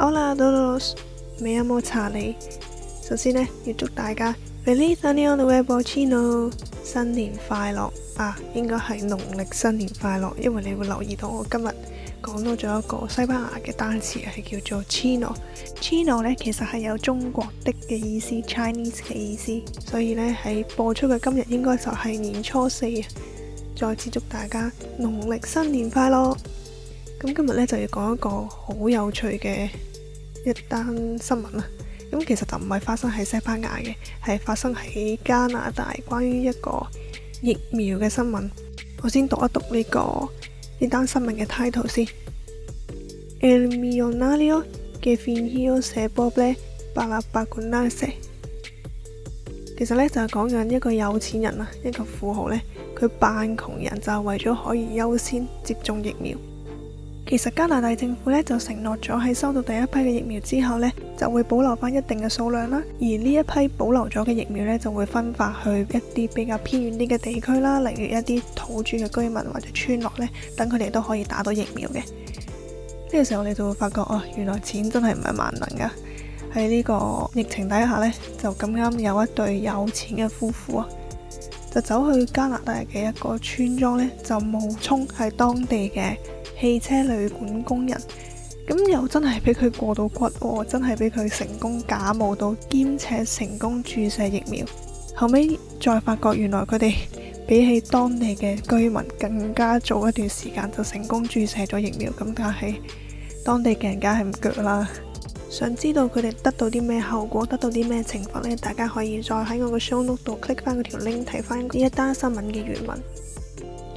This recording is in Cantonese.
好啦，到到啦，美雅莫查你。首先呢，要祝大家 Feliz Año Nuevo Chino，新年快樂啊！應該係農曆新年快樂，因為你會留意到我今日講多咗一個西班牙嘅單詞係叫做 Chino，Chino 呢，其實係有中國的嘅意思，Chinese 嘅意思。所以呢，喺播出嘅今日應該就係年初四啊！再次祝大家農曆新年快樂。咁今日咧就要講一個好有趣嘅一單新聞啦。咁其實就唔係發生喺西班牙嘅，係發生喺加拿大。關於一個疫苗嘅新聞，我先讀一讀呢個呢單新聞嘅 title 先。El millonario que fingió ser pobre para pagar la vacuna。其實呢，就係講緊一個有錢人啊，一個富豪呢，佢扮窮人就係、是、為咗可以優先接種疫苗。其實加拿大政府咧就承諾咗喺收到第一批嘅疫苗之後呢，就會保留翻一定嘅數量啦。而呢一批保留咗嘅疫苗呢，就會分發去一啲比較偏遠啲嘅地區啦，例如一啲土著嘅居民或者村落呢。等佢哋都可以打到疫苗嘅。呢個時候我哋就會發覺哦，原來錢真係唔係萬能噶。喺呢個疫情底下呢，就咁啱有一對有錢嘅夫婦啊，就走去加拿大嘅一個村莊呢，就冒充係當地嘅。汽車旅館工人，咁又真係俾佢過到骨喎，真係俾佢成功假冒到，兼且成功注射疫苗。後尾再發覺原來佢哋比起當地嘅居民更加早一段時間就成功注射咗疫苗，咁但係當地嘅人梗係唔腳啦。想知道佢哋得到啲咩後果，得到啲咩懲罰呢？大家可以再喺我個 show note 度 click 翻嗰條 link，睇翻呢一單新聞嘅原文。